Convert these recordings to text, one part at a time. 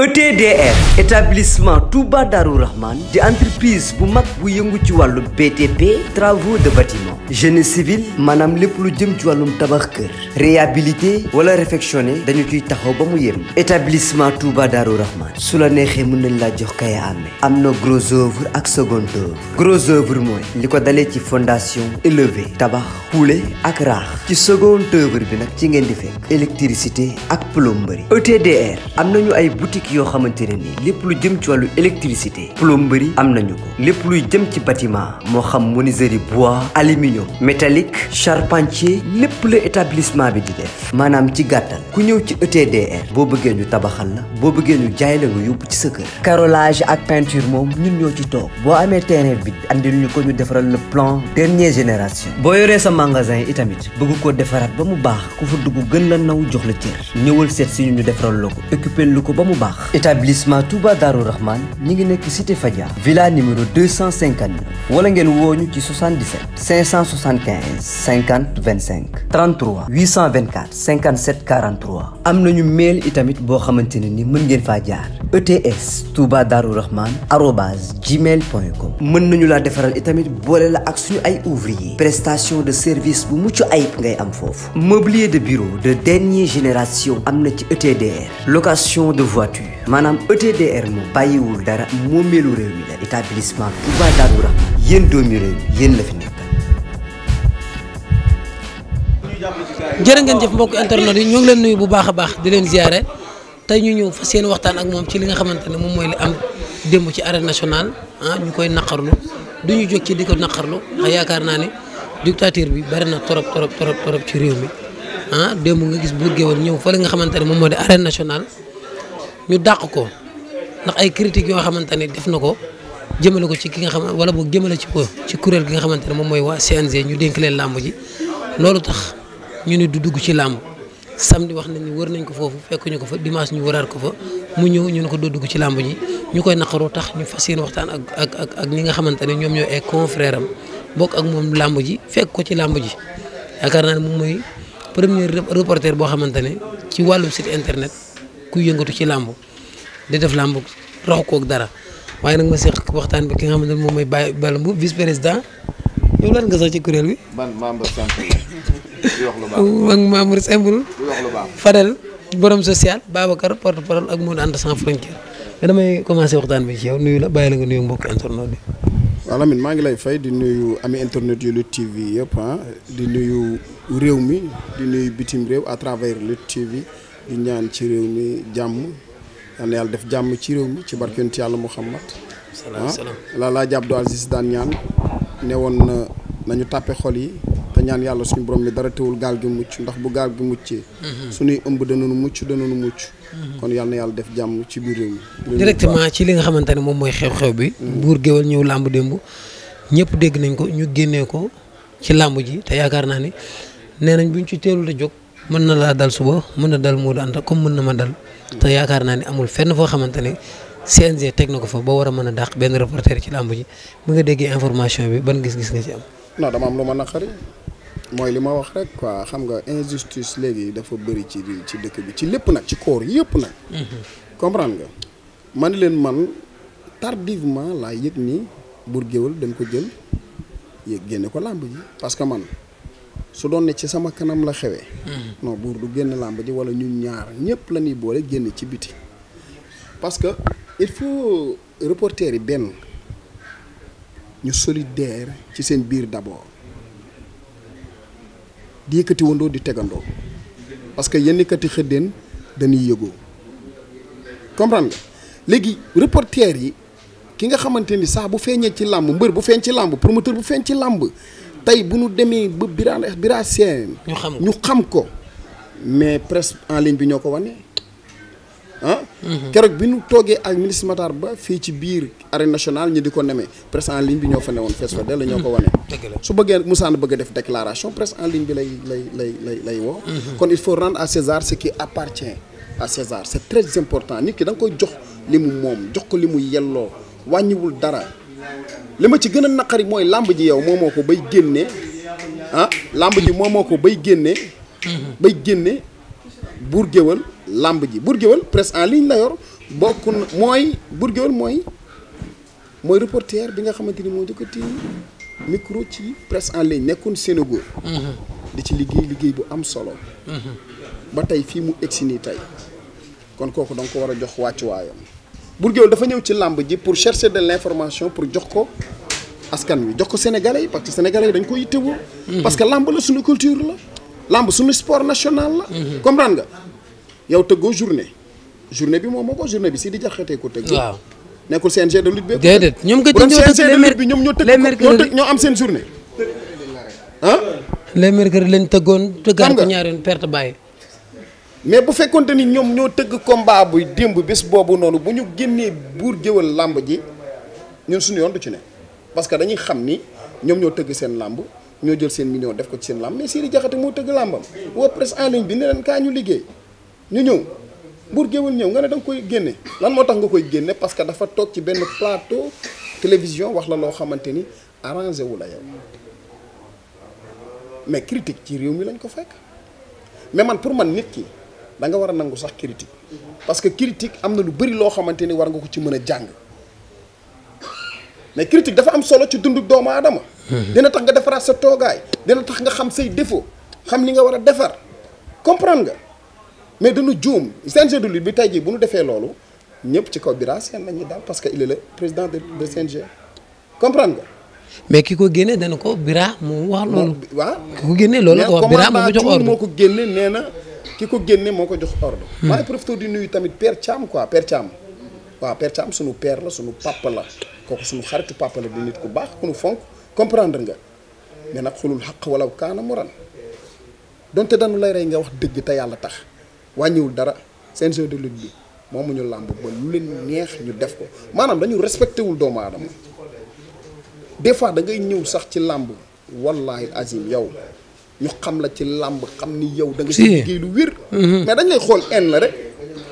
ETDR établissement Touba Darou Rahman di entreprise bu mag bu yëngu ci wàllu BTP travaux de bâtiment génie civil maanaam lépp lu jëm ci wàllum tabax kër réhabilité wala réfectionné dañu ciy taxaw ba mu yem établissement Touba Darou Rahman su la neexee mën nañ laa jox kaya amee am na gros œuvre ak second œuvre gros œuvre mooy li ko dalee ci fondation élevé tabax xuule ak raax ci second œuvre bi nag ci ngeen di fekk électricité ak plomberie ETDR am nañu yoo xamante ne nii lépp lu jëm ci wàllu électricité plomberie am nañu ko lépp luy jëm ci bâtiment moo xam ni menuiserie bois aluminium métallique charpentier lépp la établissement bi di def maanaam ci gàttal ku ñëw ci ETDR boo bëggee ñu tabaxal la boo bëggee ñu jaay la nga yóbbu ci sa kër carrelage ak peinture moom ñun ñoo ci toog boo amee terrain bi andil ñu ko ñu defaral le plan dernière génération boo yoree sa magasin itamit bëgg ko defaraat ba mu baax ku fa dugg gën la naw jox la cër ñëwal seet si ñu defaral établissement Touba Darou Rahman ñi ngi nekk cité Fadia villa numéro 259 wala ngeen wooñu ci 77 575 50 25 33 824 57 43 am nañu mail itamit boo xamante ne ni mën ngeen faa jaar ETS Touba Darou Rahman arobase gmail point com mën nañu laa defaral itamit boole la ak suñu ay ouvrier prestation de service bu mucc ay ngay am foofu mobilier de bureau de dernière génération am na ci ETDR location de voiture agriculture maanaam e mu moom bàyyiwul dara moomeelu réew mi la établissement Touba Darou Rahmane yéen doomi réew mi yéen ngeen jëf mbokk internet yi ñoo ngi leen nuyu bu baax a baax di leen ziare te ñu ñëw fa seen waxtaan ak moom ci li nga xamante ne moom mooy li am démb ci arène nationale ah ñu koy naqarlu du ñu jóg ci di naqarlu yaakaar naa ne dictature bi bari na torop torop torop torop ci réew mi ah démb nga gis bu géwoon nga xamante ne moom moo di arène national ñu dàq ko ndax ay critiques yoo xamante ne def na ko jëmale ko ci ki nga xam wala boog jëmale ci ko ci kuréel gi nga xamante ne moom mooy waa CNG ñu dénk leen làmb ji loolu tax ñu ne du dugg ci làmb samedi wax nañ ni wër nañ ko foofu fekk ñu ko fa dimanche ñu wëraat ko fa mu ñëw ñu ne ko doo dugg ci làmb ji ñu koy naqaru tax ñu fas yéene waxtaan ak ak ak ñi nga xamante ne ñoom ñoo ay confrère bokk ak moom làmb ji fekk ko ci làmb ji yaakaar moom mooy premier reporter boo xamante ne ci wàllum site internet kuy yëngatu ci làmb di def làmb raxu koog dara waaye nag ma seq waxtaan bi ki nga xam ne moom mooy Baye Balla Mbuub vice président yow lan nga sax ci kuréel bi. man membre simple di wax lu baax ak membre simple. borom social Babacar porte parole ak Monde Ande sans frontière nga damay commencé waxtaan bi ci yow nuyu la bàyyi la nga nuyu mbokk internet bi. waaw Lamine maa ngi lay fay di nuyu ami internet yu Lutte TV yëpp ah di nuyu réew mi di nuyu bitim réew à travers di ñaan ci réew mi jàmm yal na yàlla def jàmm ci réew mi ci barke yonent yàlla Muhammad laa ah, laa jàpp Abdou Aziz daan ñaan ne woon na nañu tàppe xol yi te ñaan yàlla suñu borom mi dara teewul gaal gi mucc ndax bu gaal gi muccee mhm. suñuy ëmb danañu mucc danañu mucc mhm. kon yal na yàlla def jàmm ci biir réew mi directement ci li nga xamante ne moom mooy xew-xew bi mhm. buur géwal ñëw làmb démb ñëpp dégg nañ ko ñu génnee ko ci làmb ji te yaakaar naa ni nee nañ buñ ci teelul a jóg mën na laa dal suba mën na dal Modou Anta comme mën na ma dal te yaakaar naa ne amul fenn foo xamante ne CNG teg na ko fa ba war a mën a dàq benn reporter ci làmb ji bu nga déggee information bi ban gis-gis nga ci am. non dama am lu ma naqari mooy li ma wax rek quoi xam nga injustice léegi dafa bëri ci ci dëkk bi ci lépp nag ci koor yëpp nag. Mhm. comprendre nga man leen man tardivement laa yëg ni Bour Gueweul dañ ko jël yëg génne ko làmb ji parce que man. su doon ne ci sama kanam la xewee. Hmm. non buur du génn làmb ji wala ñun ñaar ñëpp lañuy boole génn ci biti. parce que il faut reporter yi benn ñu solidaire ci seen biir d'abord di yëkkati wandoo di tegandoo parce que yenn kati dañuy yëgoo comprendre nga léegi reporter yi ki nga xamante ni sax bu feeñee ci làmb mbër bu feeñ ci làmb promoteur bu feeñ ci làmb. tey bu ñu demee ba Bira Bira Sène ñu xam ko ñu xam ko mais presque en ligne bi ñoo ko wane ah. Mhm. keroog bi nu toogee ak ministre Matar Ba fii ci biir arène nationale ñu di ko nemee presse en ligne bi ñoo fa woon fees fa dell ñoo ko wane. Mhm. su bëggee Moussa bëgg a def déclaration presse en ligne bi lay lay lay lay lay woo. Mhm. kon il faut rendre à César ce qui appartient à César c'est très important nit ki danga koy jox li mu moom jox ko li mu yelloo wàññiwul dara. li ma ci gën a naqari mooy làmb ji yow moomoo ko bay génne ah, làmb ji moomoo ko bay génne. bay génne buur géwël làmb ji buur géwël presse en ligne la yor bokk mooy buur géwël mooy mooy reporter bi nga xamante ni moo njëkk ti micro ci presse en ligne nekkoon Sénégal. di ci liggéey liggéey bu am solo. Mhm. ba tey fii mu si nii tey kon kooku da ko war a jox wàccuwaayam. Bour Gueweul dafa ñëw ci làmb ji pour chercher de l'information pour jox ko askan wi jox ko sénégalais yi parce que sénégalais yi dañ ko yittewoo. Mhm. parce que làmb la suñu culture la. làmb suñu sport national la. Mhm. comprendre nga yow tëggoo journée journée bi moom moo ko journée bi si di jaxatee ko tëgg. waaw nekkul CNG de lutte bi. déedéet ñoom nga ñoo tëgg les mer ñoom ñoo tëgg ñoo am seen journée. ah. les mercredi lañ tëggoon. tëggaat ko ñaari yoon perte bàyyi. mais bu fekkonte ni ñoom ñoo tëgg combat buy démb bés boobu noonu bu ñu génnee buur géwël làmb ji ñun suñu yoon du ci ne parce que dañuy xam ni ñoom ñoo tëgg seen làmb ñoo jël seen million def ko ci seen làmb mais Siri Jaxate moo tëgg làmbam woo presse en ligne bi ne leen kaa ñu liggéey ñu ñëw buur géwël ñëw nga ne da koy génne lan moo tax nga koy génne parce que dafa toog ci benn plateau télévision wax la loo xamante ni arrangé wu la yow mais critique ci réew mi lañ ko fekk mais man pour man nit ki da nga war a nangu sax critique parce que critique am na lu bëri loo xamante ni war nga ko ci mën a jàng mais critique dafa am solo ci dundu doomu adama dina tax nga defaraat sa toogaay dina tax nga xam say défo xam li nga war a defar comprendre nga mais danu juum CNG de lutte bi tey jii bu ñu defee loolu ñëpp ci kaw Bira Sène la ñuy daal parce que il est le président de de CNG comprendre nga. mais ki ko génne dana ko Bira mu wax loolu. waaw ki ko génne loolu la ko wax Bira moo ko génne nee na. ki ko génne moo ko jox ordre. Hmm. maa ngi profité di nuyu tamit père Thiam quoi père Thiam. waaw per Thiam sunu per la sunu papa la kooku sunu xaritu papa la di nit ku baax ku nu fonk comprendre nga mais nag xulul xaq wala kaanam mu ran donte dañu lay rey nga wax dëgg te yàlla tax wàññiwul dara seen jeu de lutte bi moomu ñu làmb ba lu leen neex ñu def ko maanaam dañu respecté wul doomu aadama des fois da ngay ñëw sax ci làmb wallaahi azim yow ñu xam la ci làmb xam ni yow. da nga ci liggéey lu wér. Mhm. mais dañ lay xool en la rek.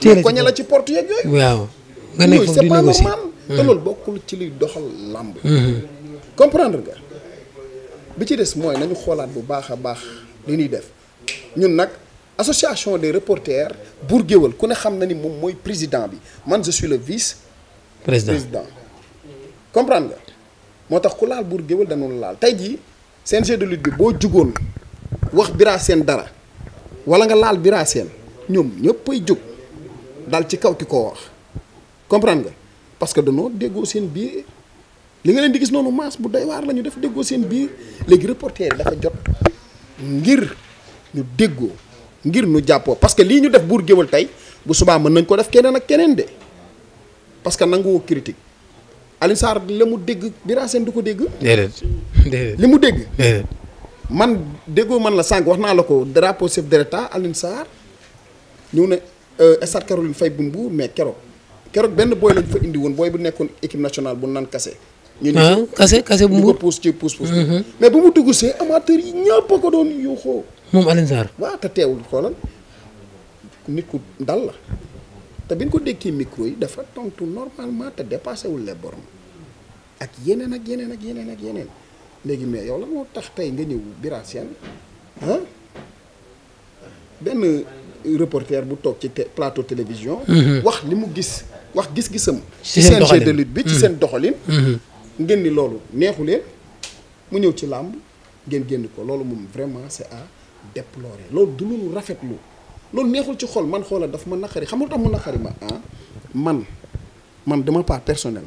teel ko ñala ci porte yeeg yooyu. waaw nga nekk foofu di mhm. loolu bokkul ci liy doxal làmb. Mhm. comprendre nga bi ci des mooy nañu xoolaat bu baax a baax li def ñun nag. association des reporters Bour Guéweul ku ne xam na ni moom mooy président bi man je suis le vice président président comprendre nga moo tax ku laal Bour Guéweul dañu laal tey jii CNG de lutte bi boo jugoon wax Bira Sène dara wala nga laal Bira Sène ñoom ñëppay jóg dal ci kaw ki ko wax comprend nga parce que danoo déggoo seen biir li nga leen di gis noonu maas bu doy waar la ñu def déggoo seen biir léegi reporter yi dafa jot ngir ñu déggoo ngir ñu jàppoo parce que lii ñu def buur géwal tey bu subaa mën nañ ko def keneen ak keneen de parce que nanguwoo critique Alioune Sarr la mu dégg Bira Sène du ko dégg. déedéet li mu dégg. man déggoo man la sànq wax naa la ko drapeau chef de l'État Alioune Sarr ñëw na euh, Stade Caroline Faye bu mbuur mais keroog keroog benn booy lañ fa indi woon booy bu nekkoon équipe nationale bu nan kase. ñu ne ah, kase kase bu Mbour ko pousse ci mm-hmm. mais bu mu dugg see amateur yi ñëpp a ko doon yuuxoo. moom Alioune Sarr. waaw te teewul xoolal nit ku dal la te bi ñu ko dékkee micro yi dafa tontu normalement te dépassé wul les borom ak yeneen ak yeneen ak yeneen ak yeneen. léegi mais yow la moo tax tey nga ñëw Bira Sène benn reporter bu toog ci plateau télévision. Mm-hmm. wax li mu gis wax gis-gisam. ci seen doxalin bi ci mm-hmm. seen doxalin. Mm-hmm. ngeen ni loolu neexulee mu ñëw ci làmb ngeen génn ko loolu moom vraiment c'est à déplorer loolu du lu rafetlu loolu neexul ci xol man xoola daf ma naqari xam nga tax mu naqari ma ah man man dama part personnel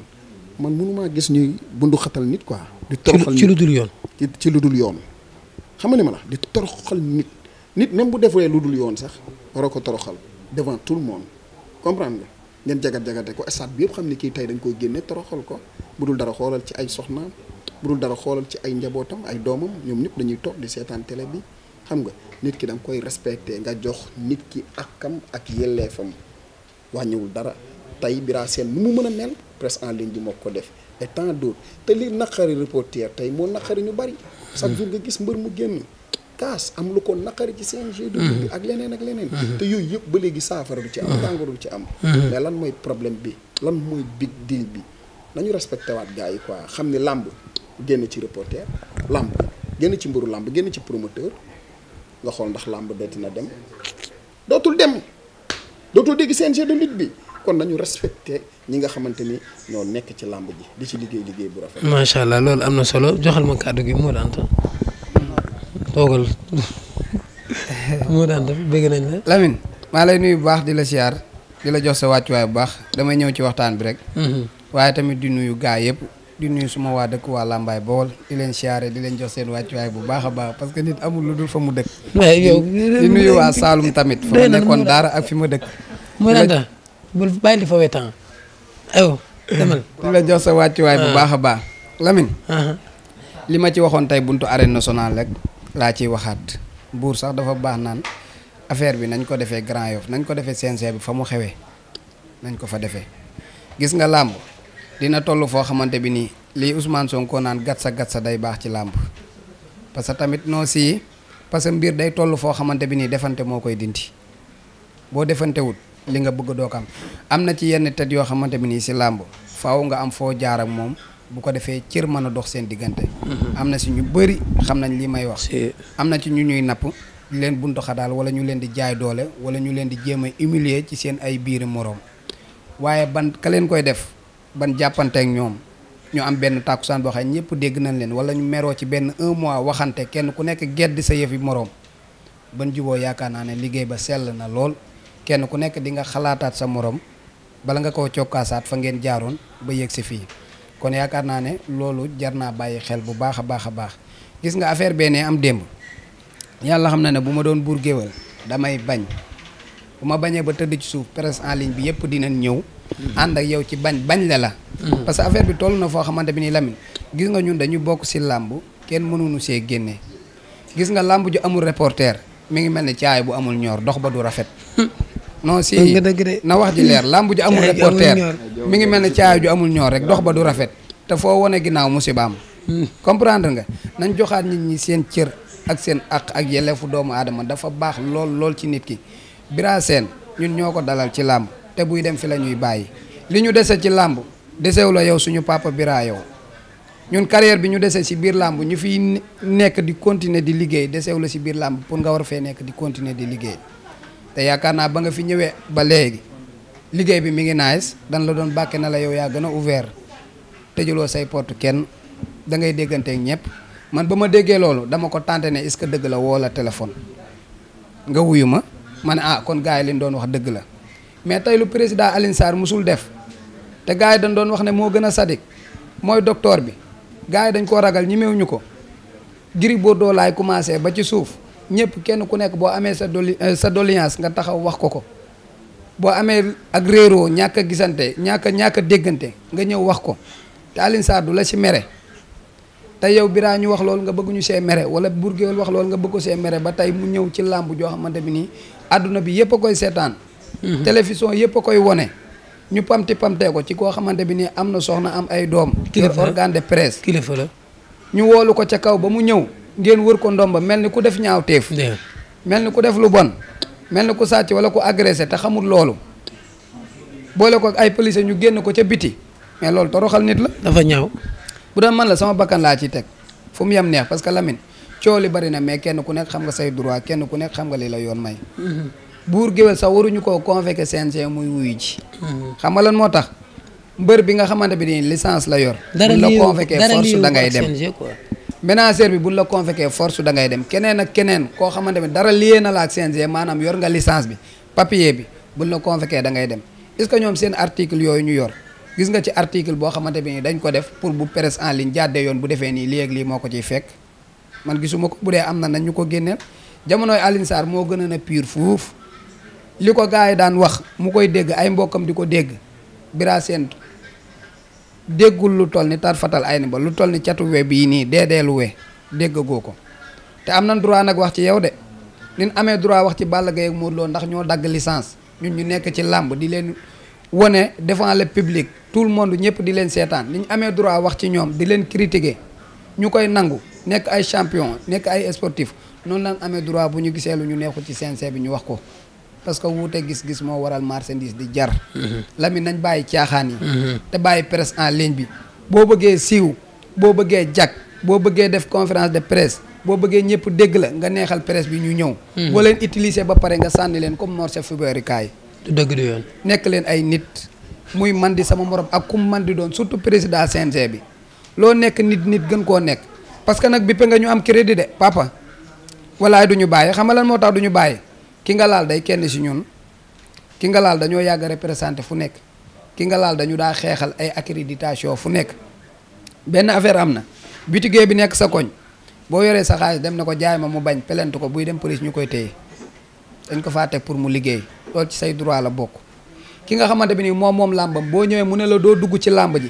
man mënumaa gis ñuy bunduxatal nit quoi. di toroxal ci lu dul yoon. ci lu dul yoon. xam nga ma la di toroxal nit nit même bu defee lu dul yoon sax war a ko toroxal devant tout le monde comprendre nga ngeen jagat jagate ko stade bi yëpp xam ne kii tey dañ koy génne toroxal ko bu dul dara xoolal ci ay soxnaam bu dul dara xoolal ci ay njabootam ay doomam ñoom ñëpp dañuy toog di seetaan télé bi xam nga nit ki danga koy respecté nga jox nit ki akkam ak yelleefam ñëwul dara tey Bira Sène nu mu mën a mel presse en ligne bi moo def. et tant d'autres te li naqari reporter tey moo naqari ñu bari. chaque jour nga gis mbër mu génn kaas am lu ko naqari ci CNG. bi mhm. ak leneen ak leneen. Mhm. te yooyu yëpp ba léegi saafara du ci am. Mhm. tàngoor du ci am. mais lan mooy problème bi lan mooy big deal bi nañu respecté waat gaa yi quoi xam ni làmb génn ci reporter làmb génn ci mbëru làmb génn ci promoteur nga xool ndax làmb dootina dem dootul dem dootul dégg CNG de bi. kon nañu respecté ñi nga xamante ni ñoo nekk ci làmb ji di ci liggéey liggéey bu rafet. macha allah loolu am na solo joxal ma kàddu gi moo daan toogal moo daan nañ la. Lamine maa lay nuyu bu baax di la siyaar di la jox sa wàccuwaay bu baax damay ñëw ci waxtaan bi rek. Mhm. waaye tamit di nuyu gaa yëpp. di nuyu su ma waa dëkk waa Lambaay Bawol di leen siyaare di leen jox seen wàccuwaay bu baax a baax parce que nit amul lu dul fa mu dëkk. di nuyu waa Saalum tamit. fa nekkoon daara ak fi ma dëkk. bul bàyyi di fawee temps aywa demal jox sa wàccuwaay bu ah. baax a baax Lamine ah. li ma ci waxoon tey buntu arène nationale rek laa ciy waxaat buur sax dafa baax naan affaire bi nañ ko defee Grand Yoff nañ ko defee CNG bi fa mu xewee nañ ko fa defee gis nga làmb dina toll foo xamante bi nii lii Ousmane ko naan gat sa gat sa day baax ci làmb parce que tamit noo sii parce que mbir day toll foo xamante bi nii defante moo koy dindi boo defantewut li nga bëgg doo ko am am na ci yenn tet yoo xamante bi nii si làmb faw nga am foo jaar ak moom bu ko defee cër mën a dox seen diggante mhm. am na si ñu bëri xam nañ li may wax am na ci ñu ñuy napp leen buntu xadaal wala ñu leen di jaay doole wala ñu leen di jéem a humilier ci seen ay biir moroom waaye ban ka leen koy def ban jàppante jàppanteek ñoom ñu am benn tàkkusaan boo xam ne ñëpp dégg nañ leen wala ñu meroo ci benn un mois waxante kenn ku nekk gedd sa yëfi moroom ban juboo yaakaar naa ne liggéey ba sell na lool kenn ku nekk di nga xalaataat sa moroom bala nga koo cokkaasaat fa ngeen jaaroon ba yegg si fii kon yaakaar naa ne loolu jar naa bàyyi xel bu baax a baax a baax gis nga affaire bee ne am démb yàlla xam na ne bu ma doon buur géwél damay bañ bu ma bañee ba tëdd ci suuf presse en ligne bi yëpp dina ñëw ànd ak yow ci bañ bañ la la mm-hmm. parce que affaire bi toll na foo xamante bi ni Lamine gis nga ñun dañu bokk si làmb kenn mënuñu see génne gis nga làmb ju amul reporter mi ngi mel ni caay bu amul ñor dox ba rafet hmm. non si na wax ji leer làmb ji amul reporter mi ngi mel ne caay ju amul ñoor rek dox ba du rafet te foo wane ginnaaw musibaam hmm. comprendre nga nañ joxaat nit ñi seen cër ak seen àq ak yelleefu doomu aadama dafa baax lool lool ci nit ki Bira Sène ñun ñoo ko dalal ci làmb te buy dem fi la ñuy bàyyi li ñu desee ci làmb desewu la yow suñu papa Bira yow ñun carrière bi ñu desee ci biir làmb ñu fiy nekk di continuer di liggéey desewu la si biir làmb pour nga war fee nekk di continuer di liggéey te yaakaar naa ba nga fi ñëwee ba léegi liggéey bi mi ngi nice dan la doon bàkke na la yow yaa gën a ouvert tëjuloo say pot kenn da ngay dégganteek ñëpp man ba ma déggee loolu dama ko tànte ne est-ce que dëgg la woo la téléphone nga wuyu ma ma ne ah kon gars yi liñ doon wax dëgg la mais tey lu président Alioune Sarr musul def te gars yi dañ doon wax ne moo gën a sadik mooy docteur bi gars yi dañ koo ragal ñemewuñu ko Gris Bordeaux laay commencé ba ci suuf ñëpp kenn ku nekk boo amee sa doli euh, sa dolliance nga taxaw wax ko ko boo amee ak réeroo ñàkk a gisante ñàkk ñàkk déggante nga ñëw wax ko te Alioune Sarr la ci mere te yow biraa ñu wax loolu nga bëgguñu see mere wala burgéwal wax loolu nga bëgg ko see mere ba tey mu ñëw ci làmb joo xamante bi nii àdduna bi yëpp a koy seetaan mhm. télévision yëpp a koy wone ñu pamti pamtee ko ci koo xamante bi nii am na soxna am ay doom kilifa organe de presse kilifa la ñu woolu ko ca kaw ba mu ñëw ngeen wër ko ndomba mel ni ku def ñaaw teef mel ni ku def lu bon mel ni ku sàcc wala ku agressé te xamul loolu boole ko ay police ñu génn ko ca biti mais loolu toroxal nit la dafa ñaaw bu doon man la sama bakkan laa ciy teg fu mu yem neex parce que Lamine coow li bari na mais kenn ku nekk xam nga say droit kenn ku nekk xam nga li la yoon may mm-hmm. buur géwél sax waruñu koo convoqué CNG muy wuyu ji mm-hmm. xam nga lan moo tax mbër bi nga xamante bi nii licence la yor dara la convoqué force da ngay dem ménagère bi bu la convoqué force da ngay dem keneen ak keneen koo xamante ne dara lie na la ak CNG maanaam yor nga licence bi papier bi buñ la convoqué da ngay dem est-ce ñoom seen article yooyu ñu yor gis nga ci article boo xamante bi ni dañ ko def pour bu presse en ligne jàddee yoon bu defee nii lii ak lii moo ko ciy fekk man gisuma ko bu dee am na nañ ñu ko génneel jamonoy Alioune Sarr moo gën a na pire fuuf li ko gars yi daan wax mu koy dégg ay mbokkam di ko dégg Bira Sène déggul lu toll ni tar fatal ay ni ba lu toll ni catu we bii nii deedeelu we déggagoo ko te am na droit nag wax ci yow de nin amee droit wax ci Balla Gaye ak Modou ndax ñoo dagg licence ñun ñu nekk ci làmb di leen wone devant le publique tout le monde ñëpp di leen seetaan ni ñu amee droit wax ci ñoom di leen critiquer ñu koy nangu nekk ay champion nekk ay sportif noonu lañ amee droit bu ñu gisee lu ñu neexu ci CNG bi ñu wax ko parce que wuute gis-gis moo waral marchandise di jar. Mhm. Lamine nañ bàyyi caaxaan yi. Mhm. te bàyyi presse en ligne bi boo bëggee siiw boo bëggee jag boo bëggee def conférence de presse. boo bëggee ñëpp dégg la nga neexal presse bi ñu ñëw. Mhm. boo leen utiliser ba pare nga sànni leen comme morceau fubarikaay. du dëgg du yoon. nekk leen ay nit muy man di sama morom ak kum man di doon surtout président CNG bi loo nekk nit nit gën koo nekk parce que nag bippe nga ñu am crédit papa walaay du ñu xam nga lan moo tax du ñu bàyyi. ki nga laal day kenn si ñun ki nga laal dañoo yàgg représenté fu nekk ki nga laal dañu daa xeexal ay accréditation fu nekk benn affaire am na bitigee bi nekk sa koñ boo yoree sa xaalis dem na ko jaay ma mu bañ pelent ko buy dem police ñu koy téye dañ ko faa teg pour mu liggéey loolu ci say droit la bokk ki nga xamante bi ni moom moom làmbam boo ñëwee mu ne la doo dugg ci làmb ji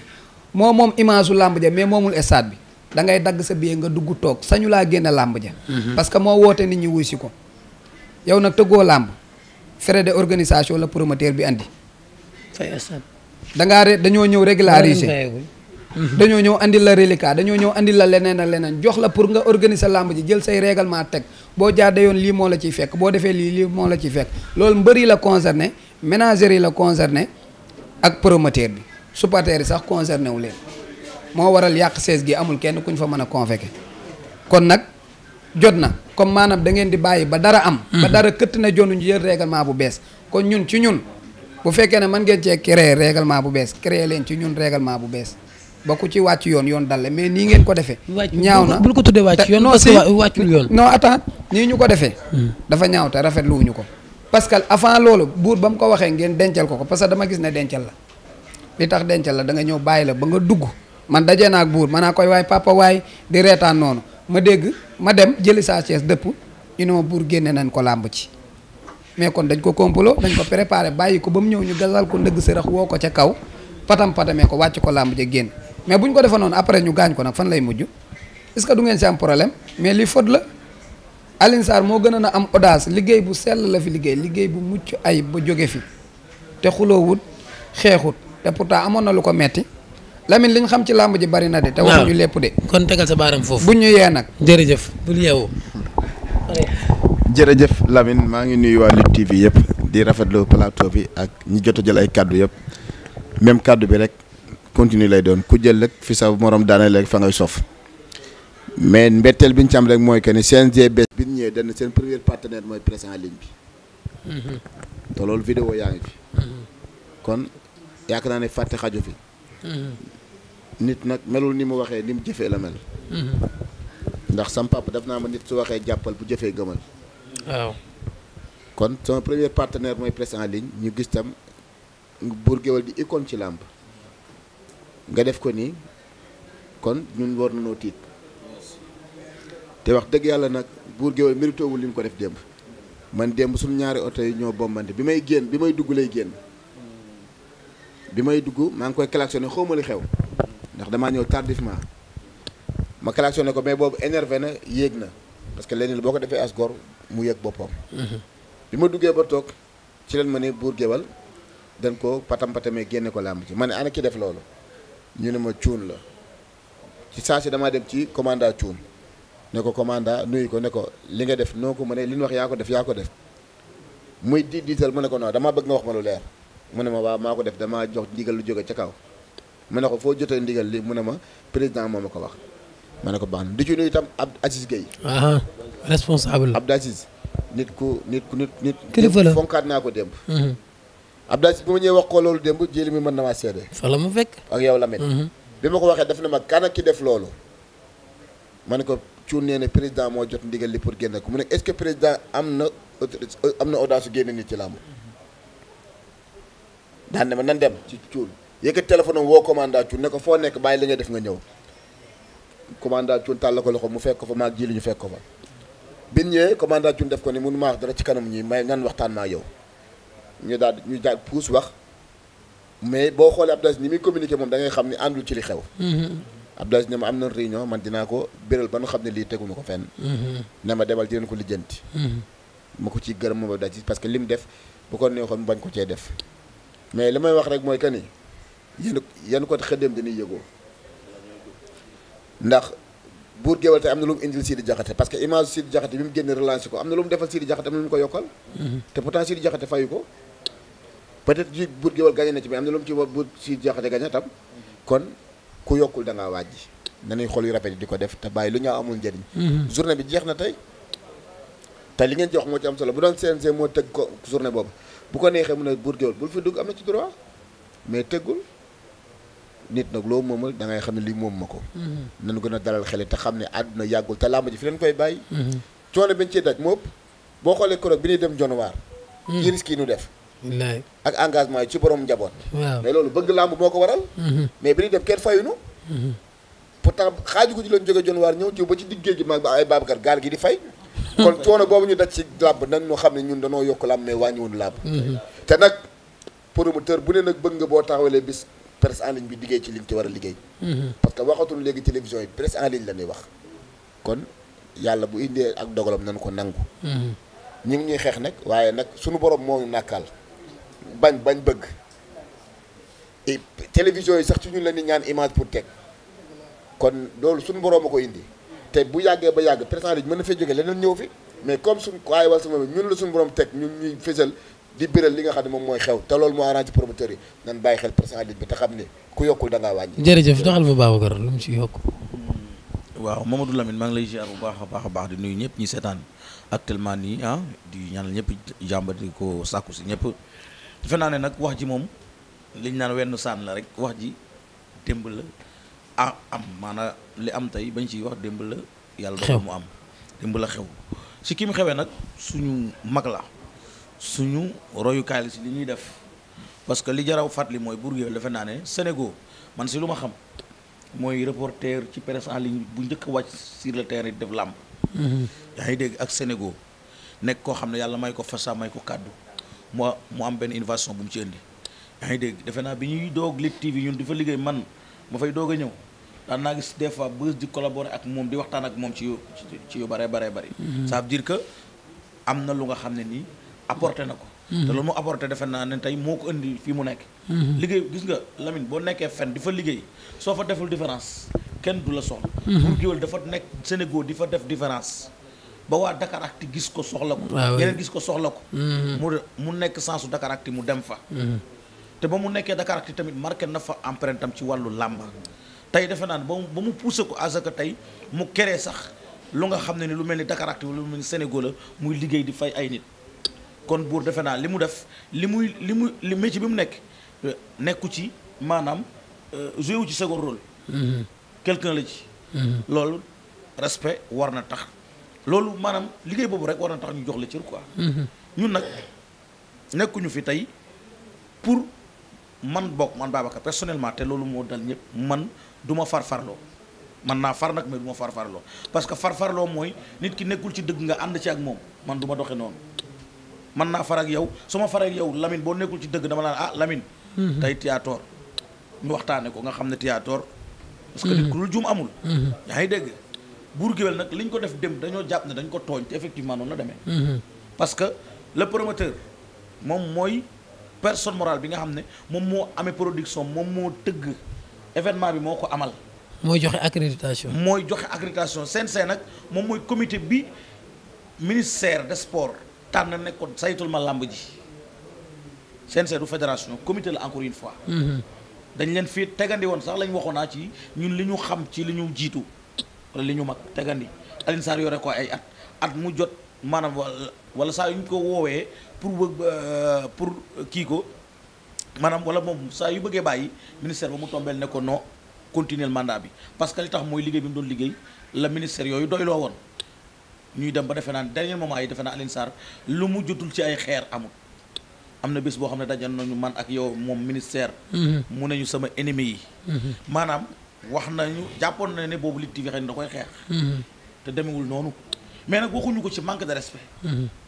moom moom image su làmb ja mais moomul stade bi da ngay dagg sa billet nga dugg toog sañu laa génne làmb ja mm-hmm. parce que moo woote nit ñi wuy si ko yow nag tëggoo làmb frais de organisation la promoteur bi andi. da ngaa re dañoo ñëw régulariser. dañoo ñëw andi la reliquat dañoo ñëw indi la leneen ak leneen jox la pour nga organiser làmb ji jël say règlement teg boo jaaree yoon lii moo la ciy fekk boo defee lii lii moo la ciy fekk loolu mbër yi la concerné ménagères yi la concerné ak promoteur bi supporters yi sax concerné wu leen moo waral yàq sees gi amul kenn kuñ fa mën a convoqué kon nag. jot na comme maanaam dangeen ngeen di bàyyi ba dara am. ba mhm. dara këtt na jonu ñu jël bu bees kon ñun ci ñun bu fekkee ne mën ngeen cee créer règlement bu bees créer leen ci ñun règlement bu bees. ba ku ci wàcc yoon yoon dal la mais nii ngeen ko defee. ñaaw na bul ko tuddee wàcc yoon parce que wàccul yoon. non nii ñu ko defee. Hmm. dafa ñaaw te rafetlu wuñu ko. parce que avant loolu buur ba mu ko waxee ngeen dencal ko ko parce que dama gis ne dencal la li tax dencal la danga ñëw bàyyi la ba nga dugg man dajee naa ak buur man naa koy waay papa waay di reetaan noonu ma dégg ma dem jëli saa Thiès dëpp ñu ne ma buur génne nañ ko làmb ci mais kon dañ ko complot dañ ko préparé bàyyi ko ba mu ñëw ñu gasal ko ndëgg sërëx woo ko ca kaw patam patamee ko wàcc ko làmb ja génn mais bu ñu ko defee noonu après ñu gaañ ko nag fan lay mujj est que du ngeen si am problème mais li faute la Alioune moo gën a na am audace liggéey bu sell la fi liggéey liggéey bu mucc ay ba jóge fi te xuloowut xeexut te pourtant amoon na lu ko metti Lamine li ñu xam ci làmb ji bari na de. te waxuñu lépp de. kon tegal sa baaram foofu. bu ñu yee nag. jërëjëf bul yeewoo. jërëjëf Lamine maa ngi nuyu waa Lutte TV yëpp di rafetlu plateau bi ak ñi jot jël ay kàddu yëpp même kàddu bi rek continue lay doon ku jël rek fi sa morom daana léegi fa ngay sof mais mbetteel bi ñu ci am rek mooy que ni CNG bees bi ñu ñëwee dañ seen premier partenaire mooy presse en ligne bi. Mhm. te loolu yaa ngi fi. Mhm. kon yaakaar naa ne fàtte xaju fi. Mhm. nit nag melul ni mu waxee ni mu jëfee la mel. Mm-hmm. ndax sam papa daf naa ma nit su waxee jàppal bu jëfee gëmal. waaw. kon sama premier partenaire mooy presse en ligne ñu gis tam buur Gueweul di icône ci làmp nga def ko nii kon ñun war nañoo tiit te wax dëgg yàlla nag Bour Gueweul méritoowul li mu ko def démb man démb suñu ñaari oto yi ñoo bombante bi may génn bi may dugg lay génn bi may dugg maa ngi koy klaxonné xawma li xew. ndax damaa ñëw tardivement ma ne ko mais boobu énervé na yéeg na parce que leneen boo ko defee as gor mu yëg boppam. bi ma duggee ba toog ci leen ma ne buur géwal dañ ko patam patamee génne ko làmb ci ma ne ana ki def loolu ñu ne ma cuun la ci saa si damaa dem ci commanda cuun ne ko commanda nuyu ko ne ko li nga def noo ko mënee lu ñu wax yaa ko def yaa ko def muy di diital mu ne ko non damaa bëgg nga wax ma lu leer mu ne ma waaw maa ko def damaa jox ndigal jóge ca kaw. ma ne ko foo jotee ndigal li mu ne ma président moo ma ko wax ma ne ko baax na di ci nuyu itam Abdou Aziz Gueye responsable Abdou Aziz nit ku nit ku nit nit kilifa la fonkaat naa ko démb mhm. Abdou Aziz bu ma ñëwee wax ko loolu démb jéli mi mën na maa seede fa la mu fekk ak yow la mhm. bi ma ko waxee daf ne ma kan ak ki def loolu ma ne ko cuun nee ne président moo jot ndigal li pour génne ko mu ne est-ce que président am na am na audace su génne nit ci làmb mhm. daan ma nan dem ci cuun yëkkat téléphone am woo commanda Thioune ne ko foo nekk bàyyi li ngay def nga ñëw commanda Thioune tàll ko loxo mu fekk ko fa maag ji li ñu fekk ko fa bin ñëwee commanda Thioune def ko ni mun maax dara ci kanam ñi may nan waxtaan maa yow ñu daal ñu daal puus wax mais boo xoolee Abdou Aziz ni muy moom da xam ne àndul ci xew mm-hmm. Abdou Aziz ne ma am na réunion man dinaa ko béral ba nu xam ne lii teguñu ko fenn mm-hmm. ne ma demal dinañ ko lijjanti mm-hmm. ma ko ci gërëm ma Abdou Aziz parce que li mu def bu ko neexoon bañ ko cee def mais li may wax rek mooy que ni yéen yéen ko xëddéem dañuy yëgoo ndax buur géwél te am na lu mu indil Sidi Diakhaté parce que image Sidi Diakhaté bi mu génn relancé ko am na lu mu defal Sidi Diakhaté am na lu mu ko mhm. te pourtant Sidi Diakhaté fayu ko peut-être ji buur géwél gañe na ci mais am na lu mu ci war buur Sidi Diakhaté gañe tam kon ku yokkul da ngaa wàjji nanuy xool yu rafet di ko def te bàyyi lu ñaaw amul njëriñ mhm. journée bi jeex na tey te li ngeen jox moo ci am solo bu doon CNG moo tëgg ko journée boobu bu ko neexee mu ne buur géwél bul fi dugg am na ci droit mais tëggul nit nag loo da ngay xam ne lii moom ma ko mhm. nañu gën a dalal xel te xam ne àdduna yàggul te làmb ji fi leen koy bàyyi mhm. coono bañ ciy daj moo boo xoolee keroog bi ñuy dem jonwaar ci mhm. risque yi ñu def ak engagement yi ci borom njaboot mais loolu bëgg làmb moo ko waral mais bi ñuy dem kenn fayuñu pourtant xaaju ko ci leen jóge jonwaar ñëw ci ba ci diggee ji maag ba ay Babacar gaal gi di fay kon coono boobu ñu daj ci làmb nañ ñu xam ne ñun dañoo yokk làmb mais wàññiwun làmb te nag promoteur bu ne nag bëgg nga boo taxawalee bis presse en ligne bi liggéey ci li mu ci war a liggéey. Mhm. parce que waxatul léegi télévision yi presse en ligne la wax. kon yàlla bu indee ak dogalam nañ ko nangu. Mhm. ñu ngi ñuy xeex nag waaye nag sunu boroom moo ñu nàkkal bañ bañ bëgg. et télévision yi sax ci ñun la ñaan image pour teg kon loolu suñu borom a ko indi te bu yàggee ba yàgg presse en ligne mën na fee jóge leneen ñëw fi mais comme suñ waaye wala sama ñun la suñu borom teg ñu ñuy fësal di biral li nga xam ne moom mooy xew te loolu moo arrangé promoteur yi nan bàyyi xel pourcentage bi te xam ne ku yokkul da ngaa wàññi. jërëjëf doxal bu Babacar lu mu ci yokk. waaw Mamadou Lamine maa ngi lay ziar bu baax baax baax di nuyu ñëpp ñi seetaan actuellement nii ah di ñaanal ñëpp jàmbat di ko sàkku si ñëpp. defe naa ne nag wax ji moom liñ naan wenn sànn la rek wax ji démb la ah am maanaa li am tey bañ ciy wax démb la. yàlla dogal mu am démb la xew. si ki xewee nag suñu mag la. suñu royukaay la si li ñuy def parce que li jaraw fàttali mooy Bourguel defe naa ne Sénégal man si lu ma xam mooy reporter ci presse ligne bu njëkk wàcc sur le terrain def làmb mhm. yaa ngi dégg ak Sénégal nekk koo xam ne yàlla may ko fasa may ko kàddu mu mu am benn innovation bu mu ci indi yaa ngi dégg defe naa bi ñuy doog lit TV ñun di fa liggéey man ma fay doog a ñëw daan naa gis des fois bés di collaborer ak moom di waxtaan ak moom ci yu ci yu bare bare bari mhm. ça veut que am na lu nga xam ne nii apporté na ko. Mm-hmm. te lu mu apporté defe naa ne tey moo ko indi fii mu nekk. Mm-hmm. liggéey gis nga lamin boo nekkee fen di fa liggéey soo fa deful différence kenn du la soxla. Mm-hmm. pour géwél dafa nekk Sénégal di fa def différence. ba waa Dakaractu gis ko soxla ko. yeneen gis ko soxla ko. mu mu nekk sensu Dakaractu mu dem fa. te ba mu nekkee Dakaractu tamit marqué na fa empreinte am ci wàllu làmb. tey defe naa ne ba mu ba mu poussé ko asaka tey mu keree sax lu nga xam ne ni lu mel ni Dakaractu lu mel ni Sénégal la muy di fay ay nit. kon buur defe naa li mu def li muy li mu li métier bi mu nekk euh, nekku ci maanaam euh, joué wu ci second rôle. Mm-hmm. quelqu'un la ci. Mm-hmm. loolu respect war na tax. loolu maanaam liggéey boobu rek war na tax ñu jox la cër quoi. Mm-hmm. ñun nag nekkuñu fi tey pour man bokk man Babacar personnellement te loolu moo dal ñëpp man du ma farfarloo man naa far nag mais du ma farfarloo parce que farfarloo mooy nit ki nekkul ci dëgg nga ànd ci ak moom man du ma doxe noonu. mën naa far ak yow su ma far ak yow Lamine boo nekkul ci dëgg dama naan ah Lamine. Mhm. tey théâtre ñu waxtaanee ko nga xam ne théâtre. parce que mhm. nit ku amul. Mhm. yaa ngi dégg buur géwél nag li ñu ko def dem dañoo jàpp ne dañ ko tooñ te effectivement noonu la demee. parce que le promoteur moom mooy personne morale bi nga xam ne moom moo amee production moom moo tëgg événement bi moo ko amal. mooy joxe accréditation. mooy joxe accréditation CNC nag moom mooy comité bi ministère des sports. tànn ne nekkoon saytul ma làmb ji CNG du fédération comité la encore une fois. Mhm. dañ leen fii tegandi woon sax lañ waxoon naa ci ñun li ñu xam ci li ñu jiitu wala li ñu mag tegandi Alioune Sarr yore ko ay at at mu jot maanaam wala saa yu ñu ko woowee pour euh, pour kii ko maanaam wala moom saa yu bëggee bàyyi ministère ba mu tombeel ne ko non continuer mandat bi parce que li tax mooy liggéey bi mu doon liggéey la ministère yooyu doyloo woon. ñuy dem ba defe naan dernier moment yi defe naa Alioune Sarr lu mu jotul ci ay xeer amul am na bés boo xam ne dajan nañu man ak yow moom ministère mm-hmm. mu nañu sama ennemi yi mm-hmm. maanaam wax nañu jàppoon na ne boobu Lutte TV xëy na da koy xeex mm-hmm. te demewul noonu mais nag waxuñu ko ci manque de respect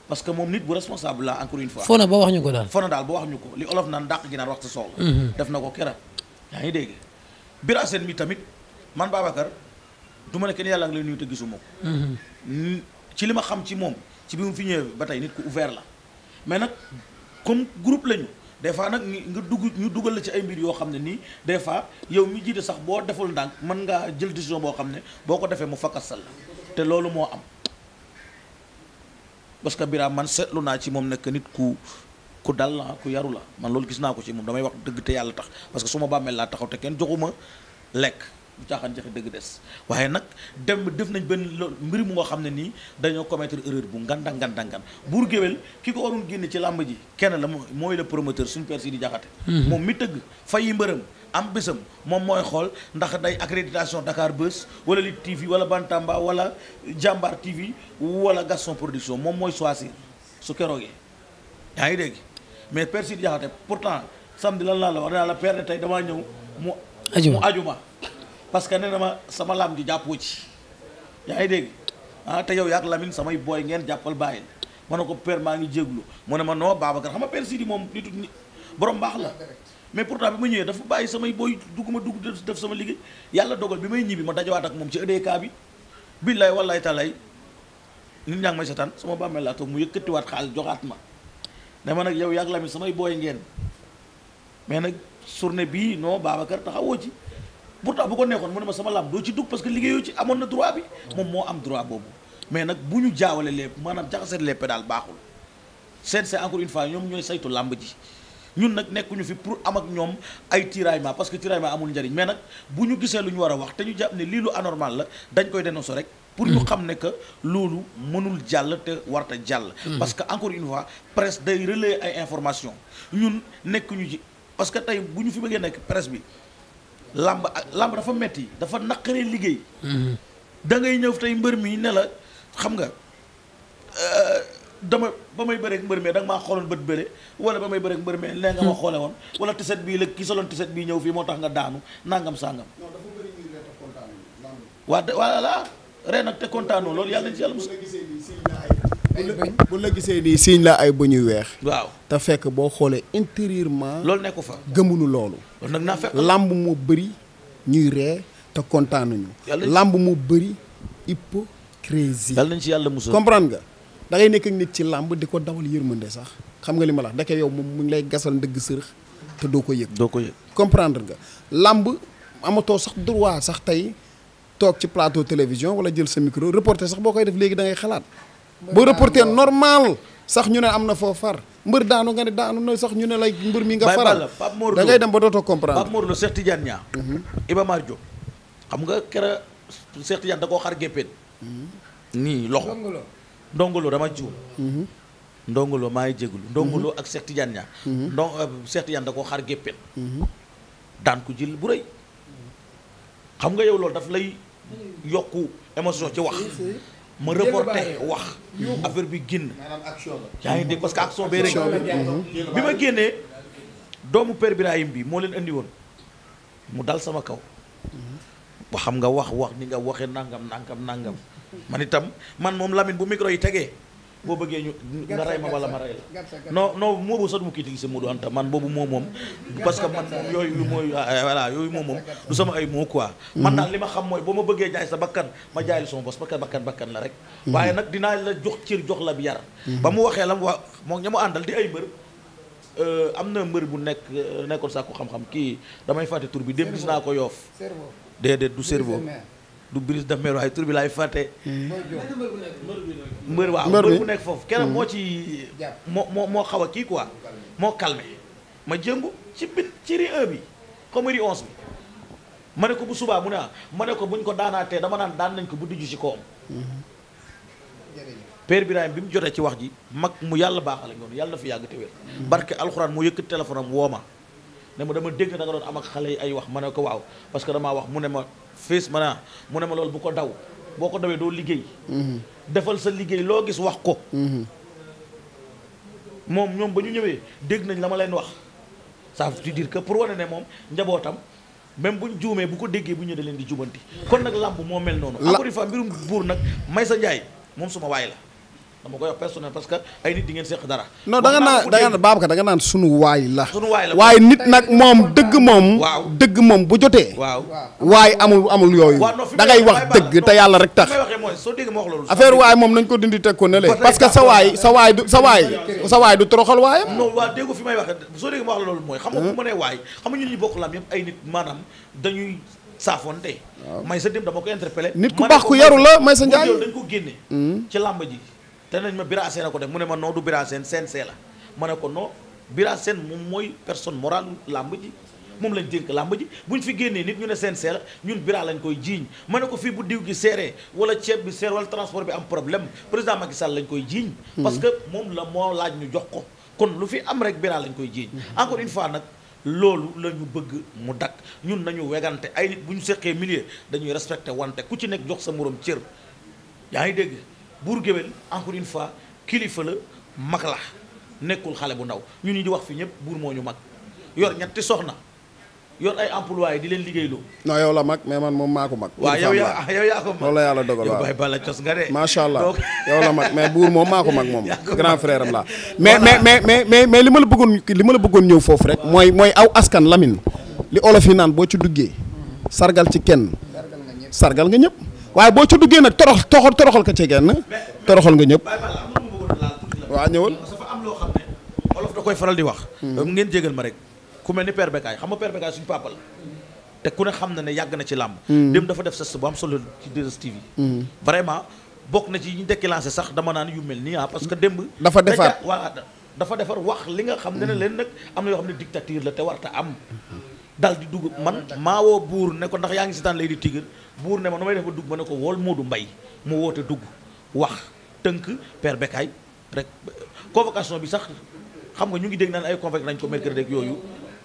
parce que moom nit bu responsable la encore une fois foo na ba wax ñu ko daal foo na daal ba wax ñu ko li olof naan dàq ginaar wax sa soxla def na ko keroog yaa ngi dégg Bira Sène mi tamit man Babacar du ma ne kenn yàlla ngi lay ko ci li ma xam ci moom ci bi mu fi ñëwee ba tey nit ku ouvert la mais nag comme groupe lañu des fois nag nga dugg ñu dugal la ci ay mbir yoo xam ne nii des fois yow mi jiite sax boo deful ndànk mën ngaa jël décision boo xam ne boo ko defee mu fakkasal la te loolu moo am parce que Birame man seetlu naa ci moom nekk nit ku ku dal la ku yaru la man loolu gis naa ko ci moom damay wax dëgg te yàlla tax parce que su ma bàmmeel laa taxaw te kenn joxuma lekk du caaxaan jafe dëgg des waaye nag dem def nañ benn mbir mu nga xam ne nii dañoo commettre erreur bu nganda nganda ngan buur géwél ki ko waroon génne ci làmb ji kenn la mooy le promoteur suñu père si di jaxate mhm. moom mi tëgg fayi mbërëm am bésam moom mooy xool ndax day accréditation Dakar Buzz wala Lit TV wala Bantamba wala Jambar TV wala Gaston Production moom mooy choisir su keroogee yaa ngi dégg mais père si di jaxate pourtant samedi lan laa la wax la père tey damaa ñëw mu ajuma parce que nee na ma sama laam ji jàppoo ci yaa ngi dégg ah te yow yaak Lamine samay booy ngeen jàppal bàyyi ma ne ko père maa ngi jéglu mu ne ma noo Babacar xam nga père Sidi moom nit ñi borom baax la mais pourtant bi ma ñëwee dafa bàyyi samay booy dugg ma dugg def sama liggéey yàlla dogal bi may ñibbi ma dajawaat ak moom ci EDK bi billaay wallaay talaay nit ñaa ngi may setaan sama bàmmeel laa toog mu yëkkatiwaat xaalis joxaat ma ne ma nag yow yaak Lamine samay booy ngeen nag journée bii non Babacar taxawoo ci. pourtant bu ko neexoon mu ne ma sama làmb doo ci dugg parce que liggéeyoo ci amoon na droit bi moom moo am droit boobu mais nag bu ñu jaawale lépp maanaam jaxasee lépp daal baaxul seen c'est encore une fois ñoom ñooy saytu làmb ji ñun nag nekkuñu fi pour am ak ñoom ay tiraillement parce que tiraillement amul njariñ mais nag bu ñu gisee lu ñu war a wax te ñu jàpp ne lii lu anormal la dañ koy dénoncer rek pour ñu hmm. xam ne que loolu mënul jàll te warta jàll hmm. parce que encore une fois presse day relayer ay information ñun nekkuñu ci parce que tey bu ñu fi bëggee nekk presse bi làmb ak làmb dafa metti dafa naqaree liggéey. Mm-hmm. da ngay ñëw tey mbër mii ne la xam nga euh, dama ba may bëreeg mbër mi da nga maa xooloon bët bëre wala ba may bëreeg mbër mi nee nga ma mm-hmm. xoole woon wala tiset bii la ki soloon tiset bii ñëw fii moo tax nga daanu nàngam sangam. non dafa bëri ñuy reet a waa de voilà ren te kontaanoo loolu yàlla nañ ci yàlla mos. bu la gisee nii signe la ay bëñ yu weex. waaw te fekk boo xoolee intérieurement. loolu nekku fa gëmunu loolu. loolu naa fekk làmb mu bëri ñuy ree te kontaan làmb mu bëri hypocrisie. yàlla nañ ci yàlla musal comprendre nga. da ngay nekk ak nit ci làmb di ko dawal yërmande sax xam nga li ma la wax ndeke yow moom mu lay gasal ndëgg sërëx te doo ko yëg. doo comprendre nga làmb amatoo sax droit sax tey. toog ci plateau télévision wala jël sa micro reporter sax boo koy def léegi dangay xalaat bu reporté normal sax ñu ne am na foo far mbër daanu nga ne daanu na sax ñu ne lay mbër mi nga faral Pape Mor da dem ba dootoo comprendre Pape Mor Lo Cheikh Tidiane ñaa mhm. Iba Mar xam nga kera Cheikh Tidiane da koo xar géppeen mhm. nii loxo ndongolo dama jiw mhm. ndongolo maa ngi jégalu ndongolo ak Cheikh Tidiane ñaa ndon euh, Cheikh Tidiane da koo xar géppeen daan ko jël bu rëy xam nga yow loolu daf lay yokku émotion ci wax ma reporté wax affaire bi génn yaa ngi dégg parce que action bee rek bi ma génnee doomu Père Birahim bi moo leen andi woon mu dal sama kaw ba xam nga wax wax ni nga waxe nangam nangam nangam man itam man moom Lamine bu micro yi tegee boo bëggee ñu nga rey ma wala ma rey la noo non moobu sax du ma critiquer Modou Anta man boobu moom moom parce que man moom yooyu mooy ah, voilà yooyu moom moom du sama ay mook quoi man mhm. daal li ma xam mooy boo ma bëggee jaay sa bakkan ma jaay la sama bos bakkan bakkan bakkan la rek mhm. waaye nag dinaa la jox cër jox la bi yar mhm. ba mu waxee la wa moo ña mu àndal di ay mbër euh, am na mbër bu nekk nekkoon sàkku xam-xam kii damay fàtte tur bi dem gis naa ko yoof déedéet du cerveau du brise daf mel waaye tur bi laay fàtte. mbër waaw mbër bu nekk foofu. keneen moo ci moo moo moo xaw a kii quoi moo calmé ma jëngu ci bi ci ri 1 bi comme ri 11 ma ne ko bu subaa mu ne ah ma ne ko buñ ko daanaatee dama naan daan nañ ko bu dijju ci kawam. bi Birahim bi mu jotee ci wax ji mag mu yàlla baaxale ngoon yàlla na fi yàgg te wér. barke alxuraan moo yëkkat téléphone am woo ne ma dama dégg da nga doon am ak xale yi ay wax ma ne ko waaw parce que damaa wax mu ne ma fees ma naa ah mu ne ma loolu bu ko daw boo ko dawee doo liggéey. Mhm. defal sa liggéey loo gis wax ko. Mhm. moom ñoom ba ñu ñëwee dégg nañ la ma leen wax ça veut dire que pour war ne moom njabootam. même buñ juumee bu ko déggee bu ñëwee da leen di jubanti kon nag làmb moo mel noonu. la encore une fois mbirum buur nag may sa Ndiaye moom suma waay la. dama koy wax personnel parce que ay nit di ngeen seq dara. non da nga naan da nga naan naan sunu waay la. waaye nit nag moom dëgg moom. waaw dëgg moom bu jotee. waaw waay amul amul yooyu. da ngay wax dëgg te yàlla rek tax. affaire waay moom nañ ko dindi teg ko ne le parce que sa waay sa waay du sa waay sa waay du toroxal waayam. non waa dégg fi may waxee soo déggee ma wax la loolu mooy. xam nga bu ma nee waay xam nga ñun ñu bokk laam yëpp ay nit maanaam dañuy saafonte. waaw may sa dem dama ko nit ku baax ku yaru la may sa njaay dañ ko génne hmm? ci làmb ji danañ ma Bira Sène ko def mu ne ma noo du Bira Sène CNC la ma ne ko non Bira Sène moom mooy personne morale làmb ji moom lañ dénk làmb ji bu ñu fi génnee nit ñu ne CNC la ñun Bira lañ koy jiiñ ma ne ko fii bu diw gi seeree wala ceeb bi seer wala transport bi am problème président Macky Sall lañ koy jiiñ parce que moom la moo laaj ñu jox ko kon lu fi am rek biraa lañ koy jiiñ encore une fois nag loolu la ñu bëgg mu dakk ñun nañu wegante ay bu ñu seqee milieu dañuy respecté wante ku ci nekk jox sa moroom cër yaa ngi dégg buur géwél encore fois kilifa la mag la nekkul xale bu ndaw ñun ñi di wax fi ñëpp buur moo ñu mag yor ñetti soxna yor ay employé di leen liggéeyloo. non yow la mag mais man moom maa ko mag. waaw yow yaa yow yaa ko mag loolu dogal waaw yow Baye Balla allah yow mais buur moom maa ko mag moom. grand frère am laa. mais mais mais mais mais li ma la bëggoon li ma la bëggoon ñëw foofu rek. mooy mooy aw askan Lamine. li olof yi naan boo ci duggee. sargal ci kenn. sargal nga ñëpp. waaye boo ca duggee nag torox toroxal toroxal ka ci genn toroxal nga ñëpp. waaw ñëwal. dafa am loo xam ne olof da koy faral di wax. Hmm. ngeen jégal ma rek ku mel ni perbekaay xam nga Père Bécaye suñu papa la te ku ne xam na ne yàgg na ci làmb. Hmm. dem dafa def sas bu am solo ci 2STV. Hmm. vraiment bokk na ci ñu dekki lancé sax dama naan yu mel nii ah parce que démb. dafa defaat dafa defar wax li nga xam ne ne leen nag am na yoo xam ne dictature la te warta am. dal di dugg man maa woo buur ne ko ndax yaa ngi si seetaan Lady Tigre buur ne ma nu may def ba dugg ma ne ko wool Modou Mbaye mu woote dugg wax tënk père rek convocation bi sax xam nga ñu ngi dégg naan ay convoqué nañ ko mercredi ak yooyu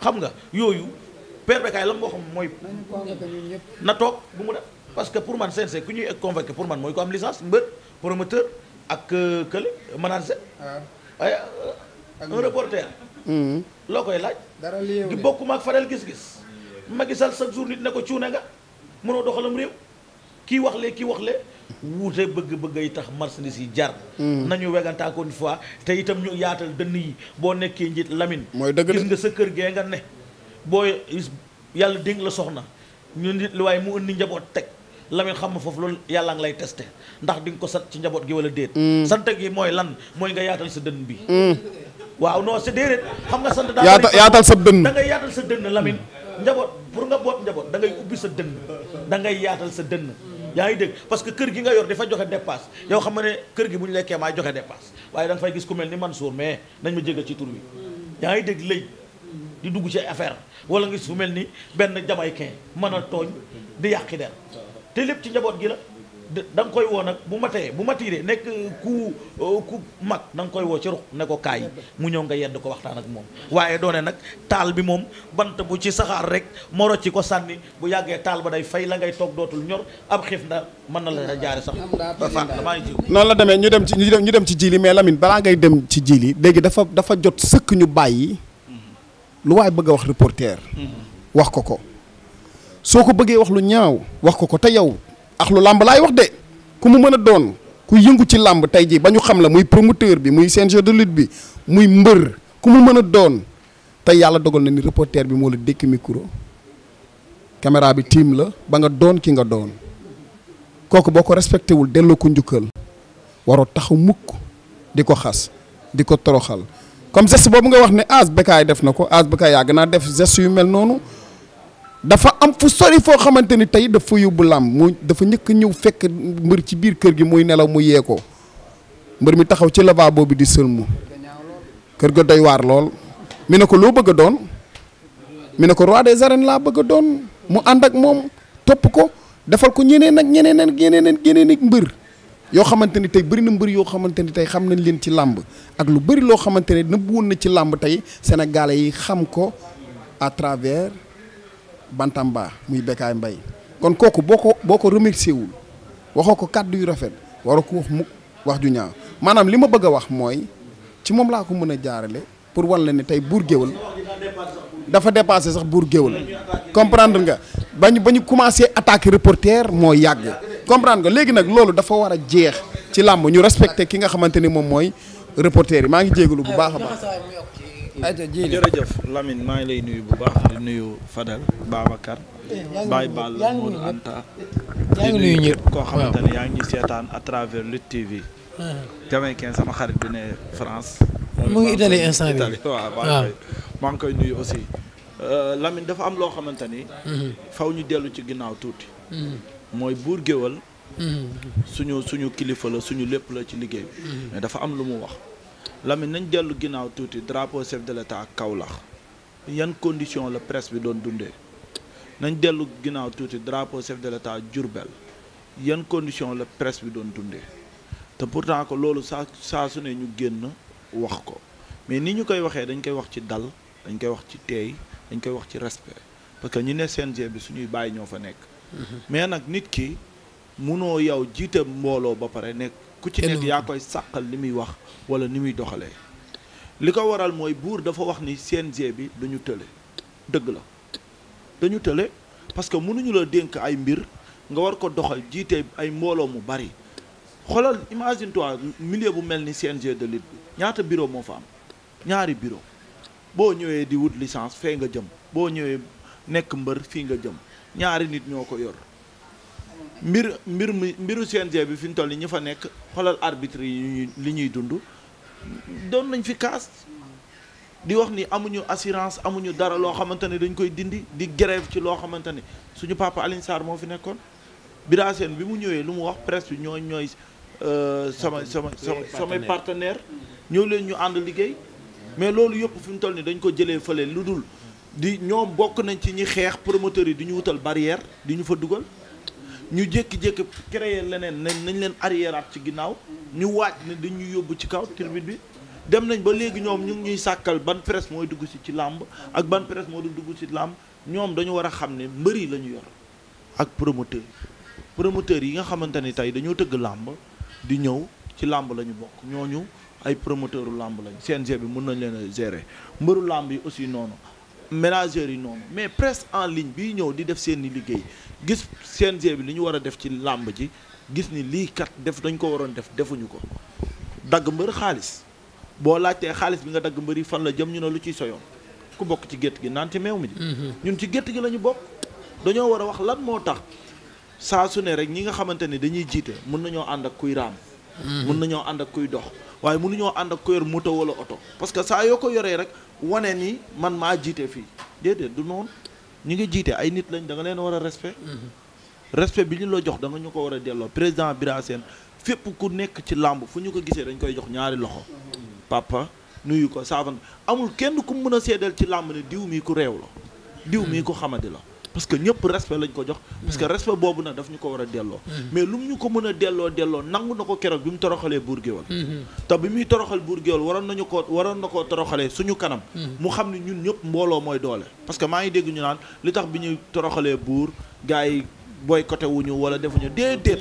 xam nga yooyu père la moo xam mooy na toog bu mu def parce que pour man CNG ku ñuy convoqué pour man mooy ko am licence mbër promoteur ak euh, kële manager ah. ay euh, un reporter mm-hmm. loo koy laaj dara di bokkuma ak faral gis-gis Macky Sall chaque jour nit ne ko cuune nga mënoo doxalam réew kii wax lee kii wax lee wuute bëgg-bëgg yi tax marchandise yi jar hmm. nañu wegantaakoon fois te itam ñu yaatal dënn yi boo nekkee njiit Lamine mooy dëgg gis nga sa kër gee nga ne boo yàlla dénk la soxna ñu nit lu waaye mu indi njaboot teg Lamine xam nga foofu loolu yàlla ngi lay testé ndax di nga ko sant ci njaboot gi wala déet. Mm. sant gi mooy lan mooy nga yaatal sa dënn bi. Mm. waaw non c'est déedéet xam nga sant. yaatal yaatal sa dënn da ngay yaatal sa dënn Lamine. njaboot pour nga boot njaboot da ngay ubbi sa dënn da ngay yaatal sa dënn. yaa ngi dégg parce que kër gi nga yor dafa joxe dépasse yow xam nga ne kër gi bu ñu lekkee maa joxe dépasse waaye da fay gis ku mel ni Mansour mais nañ ma jégal ci tur wi yaa ngi dégg lëj di dugg ci affaire wala nga gis ku mel ni benn jamaïcain mën a tooñ di yàqi te lépp ci njaboot gi la danga nga koy woo nag bu ma tee bu ma tiiree nekk uh, ku uh, ku mag da koy woo ci ruq ne kaay mu ñëw nga yedd ko waxtaan ak moom waaye doone nag taal bi moom bant bu ci saxaar rek moro ci ko sànni bu yàggee taal ba day fey la ngay toog dootul ñor ab xiif na mën na la jaare sax ba fàq damaa ngi jiw noonu la demee ñu dem ci ñu dem ci jili mais Lamine balaa ngay dem ci jili léegi dafa dafa jot sëkk ñu bàyyi mm-hmm. lu waay bëgg a wax reporter mm-hmm. wax ko ko soo ko bëggee wax lu ñaaw wax ko ko te yow ak lu làmb laay wax de ku mu mën a doon ku yëngu ci làmb tey jii ba ñu xam la muy promoteur bi muy CNG de lutte bi muy mbër ku mu mën a doon te yàlla dogal na ni reporter bi moo la dékk micro caméra bi tiim la ba nga doon ki nga doon kooku boo ko respecté wul delloo ko njukkal waroo taxu mukk di ko xas di ko toroxal comme geste boobu nga wax ne as ah, Bécaye def na ko as ah, Bécaye yàgg naa def geste yu mel noonu dafa am fu sori foo xamante ni tey dafa yóbbu làmb mu dafa njëkk ñëw fekk mbër ci biir kër gi muy nelaw mu yee ko mbër mi taxaw ci lavabo bi di sëlmu kër ga doy waar lool mi ne ko loo bëgg a doon mi ne ko roi des arènes laa bëgg a doon mu ànd ak moom topp ko defal ko ñeneen ak ñeneen ak ñeneen ak ñeneen ak yoo xamante ni tey bëri na mbër yoo xamante ni tey xam nañ leen ci làmb ak lu bari loo xamante ne nëbb woon na ci làmb tey sénégalais yi xam ko à travers bantam Bantamba muy Bécaye mbay kon kooku boo ko boo ko remercié wul waxoo ko kàddu yu rafet wara ko wax mukk wax ju ñaaw maanaam li ma bëgg a wax mooy ci moom laa ko mën a jaarale pour war la ne tey buur géwal dafa dépassé sax buur géwal comprendre nga ba ñu ba ñu commencé attaquer reporter moo yàgg comprendre nga léegi nag loolu dafa war a jeex ci làmb ñu respecté ki nga xamante ni moom mooy reporter yi maa ngi jégalu bu baax a baax jërëjëf Lamine maa ngi lay nuyu bu baax di nuyu Fadel Babacar Baye Ball Modou Anta di nuyu ñëpp koo xamante ne yaa ngi seetaan à travers Lutte TV jamaïcain uh-huh. sama xarit bi ne France mu ngi Italie instant bi waaw maa ngi koy nuyu aussi euh, Lamine dafa am loo xamante ni uh-huh. faw ñu dellu ci ginnaaw tuuti uh-huh. mooy buur géwal suñu suñu kilifa la suñu lépp la ci liggéey bi mais dafa am lu mu wax Lamine nañ dellu ginnaaw tuuti drapo chef de l'État ak yan condition la presse bi doon dundee nañ dellu ginnaaw tuuti drapo chef de l'État Diourbel yan condition la presse bi doon dundee te pourtant ko loolu saa saa su ne ñu génn wax ko mais ni ñu koy waxee dañ koy wax ci dal dañ koy wax ci teey dañ koy wax ci respect parce que ñi ne CNG bi suñuy bàyyi ñoo fa nekk mhm. mais nag nit ki munoo yow jiite mbooloo ba pare nekk ku ci nekk yaa koy sàqal li muy wax wala ni muy doxalee li ko waral mooy buur dafa wax ni CNG bi dañu tële dëgg la dañu tële parce que mënuñu la dénk ay mbir nga war ko doxal jiite ay mbooloo mu bari xoolal imagine toi milieu bu mel ni CNG de lutte bi ñaata bureau moo fa am ñaari bureau boo ñëwee di wut licence fee nga jëm boo ñëwee nekk mbër fii nga jëm ñaari nit ñoo ko yor mbir mbir mi mbiru CNG bi fi mu toll nii ñi fa nekk xoolal arbitre yi li ñuy dund doon nañ fi kaas di wax ni amuñu assurance amuñu dara loo xamante ne dañ koy dindi di grève ci loo xamante ne suñu papa Alioune moo fi nekkoon Bira bi mu ñëwee lu mu wax presse bi ñooy ñooy sama euh, sama sama samay partenaire ñëw leen ñu ànd liggéey mais loolu yëpp fi mu toll ni dañ ko jëlee fële lu dul di ñoom bokk nañ ci ñi xeex promoteurs yi di ñu wutal barrière di ñu fa dugal ñu jékki-jékki créer leneen nañ nañ leen arriéraat ci ginnaaw ñu waaj ne dañu yóbbu ci kaw tribune bi dem nañ ba léegi ñoom ñu ngi ñuy sàkkal ban presse mooy dugg si ci làmb ak ban moo du dugg si làmb ñoom dañu war a xam ne mbëri la ñu yor ak promoteur promoteur yi nga xamante ni tey dañoo tëgg làmb di ñëw ci làmb la ñu bokk ñooñu ay promoteuru làmb lañ CNG bi mun nañ leen a gérer mbëru làmb yi aussi noonu ménageurs yi noonu mais presse en ligne biy ñëw di def seen i liggéey gis CNG bi li ñu war a def ci làmb ji gis ni lii kat def dañ ko waroon def defuñu ko dagg mbër xaalis boo laajtee xaalis bi nga dagg mbër yi fan la jëm ñu ne lu ciy soyoon ku bokk ci gétt gi naan ci meew mi ji mhm. ñun ci gétt gi lañu bokk dañoo war a wax lan moo tax saa su ne rek ñi nga xamante ni dañuy jiite mën nañoo ànd ak kuy raam mhm. mun nañoo ànd ak kuy dox waaye mënuñoo ànd ak ku yor moto wala oto parce que saa yoo ko yoree rek wane ni man maa jiite fii déedéet du noonu ñu ngi jiite ay nit lañ da nga leen war a respect mm-hmm. respect bi ñu la jox da ñu ko war a delloo président Bira Sène fépp ku nekk ci làmb fu ñu ko gisee dañ koy jox ñaari loxo mm-hmm. papa nuyu ko saafan amul kenn ku mën a seedal ci làmb ne diw mii ku réew la diw mii ku xamadi la parce que ñëpp respect lañ ko jox parce que mm. respect boobu nag daf ñu ko war a delloo mm. mais lu mu ñu ko mën a delloo delloo nangu na ko keroog bi mu toroxalee buur géwal mm-hmm. te bi muy toroxal buur géwal waroon nañu ko waroon na ko toroxalee suñu kanam mm-hmm. mu xam ni ñun ñëpp mbooloo mooy doole parce que maa ngi dégg ñu naan li tax bi ñuy toroxalee buur gars yi boycotté wuñu wala defuñu ah, déedéet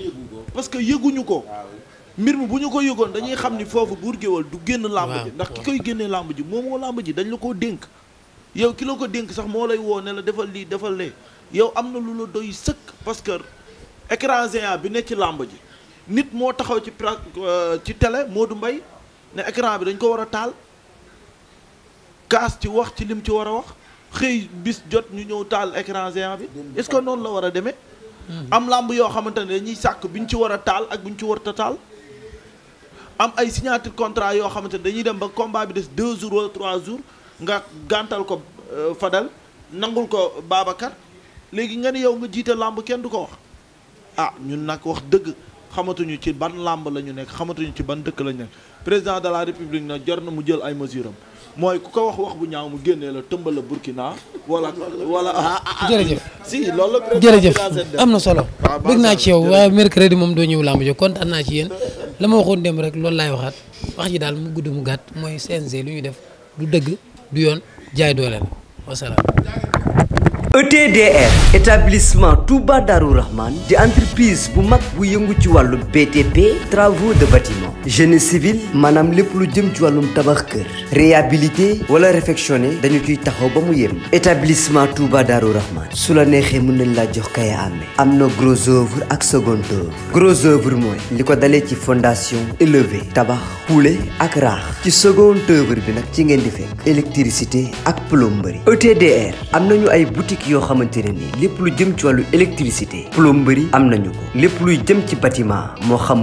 parce que yëguñu ko ah, mbir mi bu ñu ko yëgoon dañuy xam ni foofu buur géwal du génn làmb ji ndax ki koy génnee làmb ji moom moo làmb ji dañ la koo dénk yow ki la ko dénk sax moo lay woo ne la defal lii defal lee yow am na lu la doy sëkk parce que écran géant bi nekk ci làmb ji nit moo taxaw ci pra euh, ci télé Modou mbay ne écran bi dañ ko war a taal kaas ci wax ci lim ci war a wax xëy bis jot ñu ñëw taal écran géant bi est-ce que noonu la war a demee hmm. am làmb yoo xamante ne dañuy sàkk bu ñu ci war a taal ak bu ñu ci warta taal am ay signature contrat yoo xamante ne dañuy dem ba combat bi des deux jours wala trois jours nga gàntal ko euh, Fadal nangul ko Babacar léegi nga ne yow nga jiite làmb kenn du ko wax a ah, ñun nag wax dëgg xamatuñu ci ban làmb la ñu nekk xamatuñu ci ban dëkk la ñu nekk président de la république na jor na mu jël ay mesure am mooy ku ko wax wax bu ñaaw mu génnee la tëmbal la Burkina wala wala. Ah, ah, jërëjëf si loolu la. jërëjëf am na solo. bëgg naa ci yow waaye mercredi moom doo ñëw làmb jo kontaan naa ci yéen la ma waxoon dem rek loolu laay waxaat wax ji daal mu gudd mu gàtt mooy CNG lu ñu def du dëgg. du yoon jaay doole la wasalaam. ETDR établissement Touba Darou Rahman di entreprise bu mag bu yëngu ci wàllu BTP travaux de bâtiment. génie civil maanaam lépp lu jëm ci wàllum tabax kër réhabilité wala réfectionné dañu ciy taxaw ba mu yem établissement Touba Darou Rahman su la neexee mën nañ laa jox kaya amee am na gros œuvre ak second œuvre gros œuvre mooy li ko dalee ci fondation élevé tabax xuule ak raax ci second œuvre bi nag ci ngeen di fekk électricité ak plomberie ETDR am nañu ay boutique yoo xamante ne nii lépp lu jëm ci wàllu électricité plomberie am nañu ko lépp luy jëm ci bâtiment moo xam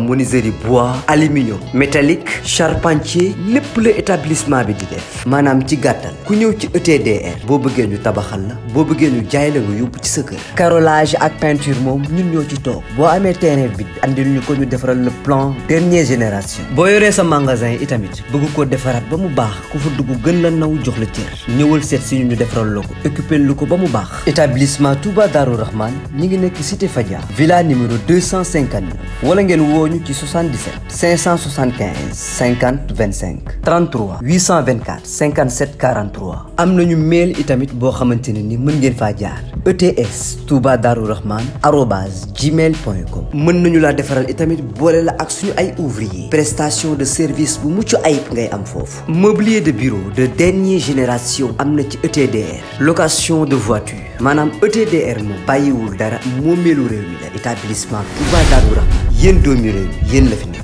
tuyau métallique charpentier lépp la établissement bi di def maanaam ci gàttal ku ñëw ci ETDR boo bëggee ñu tabaxal la boo bëggee ñu jaay la nga yóbbu ci sa kër carrelage ak peinture moom ñun ñoo ci toog boo amee terrain bi andil ñu ko ñu defaral le plan dernière génération boo yoree sa magasin itamit bëgg koo defaraat ba mu baax ku fa dugg gën la naw jox la cër ñëwal seet si ñu ñu defaral la ko occupé lu ko ba mu baax établissement Touba Darou Rahman ñi ngi nekk cité Fadia villa numéro 259 wala ngeen woo ñu ci 77 875 50 25 33 824 57 43 am nañu mail itamit boo xamante ne ni mën ngeen faa jaar ETS Touba Darou Rahman arobase gmail point com mën nañu laa defaral itamit boole la ak suñu ay ouvrier prestation de service bu mucc ay ngay am foofu mobilier de bureau de dernière génération am na ci ETDR location de voiture maanaam ETDR moom bàyyiwul dara moo meelu réew mi la établissement Touba Darou Rahman yéen doomi réew mi yéen la fi nekk